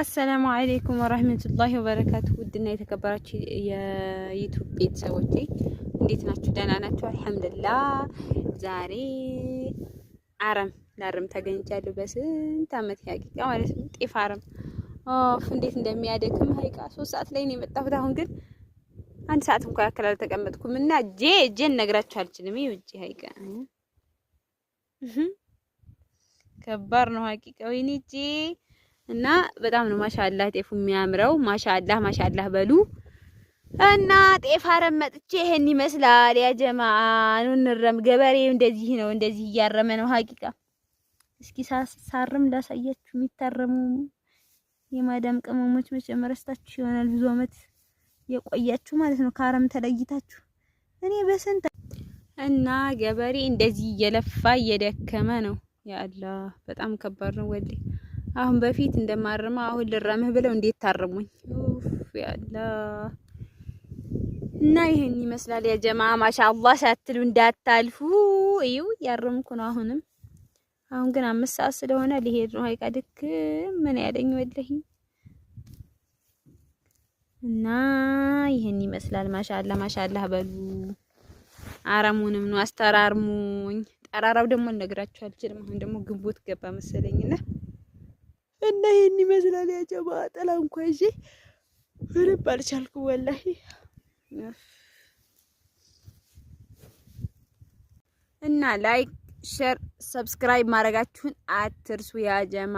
አሰላሙ አሌይኩም ወራህመቱላሂ ወበረካቱ። ውድና የተከበራችሁ የዩቱብ ቤተሰቦቼ እንዴት ናችሁ? ደህና ናችሁ? አልሐምዱሊላህ። ዛሬ አረም ለአረም ተገኝቻለሁ። በስንት አመት ሀቂቃ ማለት ነው። ጤፍ አረም ኦፍ እንዴት እንደሚያደክም ሀቂቃ ሶስት ሰዓት ላይ ነው የመጣሁት። አሁን ግን አንድ ሰዓት እንኳ ያክል አልተቀመጥኩም እና እጄ እጄን ነግራችሁ አልችልም። ይሄ እጄ ሀቂቃ ከባድ ነው ሀቂቃ ወይኔ እጄ እና በጣም ነው ማሻአላህ ጤፉ የሚያምረው። ማሻአላህ ማሻአላህ በሉ እና ጤፍ አረም መጥቼ ይሄን ይመስላል። ያ ጀማአ ነው እንረም። ገበሬ እንደዚህ ነው፣ እንደዚህ እያረመ ነው። ሀቂቃ እስኪ ሳርም ላሳያችሁ። የሚታረሙ የማዳም ቅመሞች መቼም ረስታችሁ ይሆናል ብዙ አመት የቆያችሁ ማለት ነው፣ ከአረም ተለይታችሁ። እኔ በስንት እና ገበሬ እንደዚህ እየለፋ እየደከመ ነው። ያ አላህ በጣም ከባድ ነው ወዴ አሁን በፊት እንደማርማ አሁን ልረምህ ብለው እንዴት ታርሙኝ? ኡፍ ያላ እና ይሄን ይመስላል ያ ጀማ ማሻአላ ሳትሉ እንዳታልፉ እዩ። ያርምኩ ነው አሁንም አሁን ግን አምስት ሰዓት ስለሆነ ሊሄድ ነው። አይቀድክ ምን ያደኝ ወለህ እና ይሄን ይመስላል። ማሻአላ ማሻአላ በሉ። አረሙንም ነው አስተራርሙኝ። ጠራራው ደግሞ ልነግራችሁ አልችልም። አሁን ደግሞ ግንቦት ገባ መሰለኝና እና ይሄን ይመስላል ያጀማ ጥላ እንኳ ይዤ ምንም አልቻልኩም። ወላሂ እና ላይክ፣ ሼር፣ ሰብስክራይብ ማድረጋችሁን አትርሱ ያጀማ።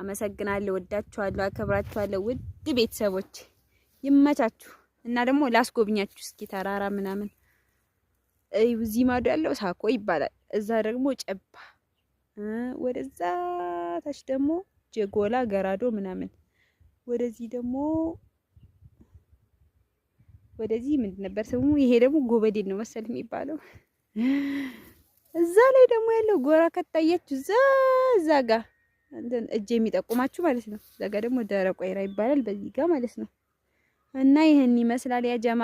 አመሰግናለሁ። ወዳችኋለሁ፣ አከብራችኋለሁ ውድ ቤተሰቦች ይመቻችሁ። እና ደግሞ ላስጎብኛችሁ እስኪ ተራራ ምናምን እዚህ ማዶ ያለው ሳኮ ይባላል። እዛ ደግሞ ጨባ ወደዛ ታች ደግሞ ጀጎላ ገራዶ ምናምን ወደዚህ ደግሞ ወደዚህ ምንድን ነበር ስሙ? ይሄ ደግሞ ጎበዴን ነው መሰል የሚባለው። እዛ ላይ ደግሞ ያለው ጎራ ከታያችሁ እዛ ጋ እጅ የሚጠቁማችሁ ማለት ነው። እዛ ጋ ደግሞ ደረቅ ይባላል፣ በዚህ ጋ ማለት ነው። እና ይህን ይመስላል ያ ጀማ።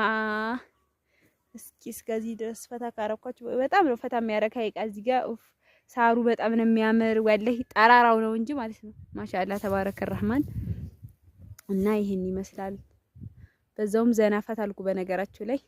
እስኪ እስከዚህ ድረስ ፈታ ካረኳችሁ በጣም ነው ፈታ የሚያረካ ይቃ እዚህ ጋ ሳሩ በጣም ነው የሚያምር። ወላሂ ጠራራው ነው እንጂ ማለት ነው። ማሻአላ ተባረከ ረህማን እና ይህን ይመስላል። በዛውም ዘናፋት አልኩ በነገራችሁ ላይ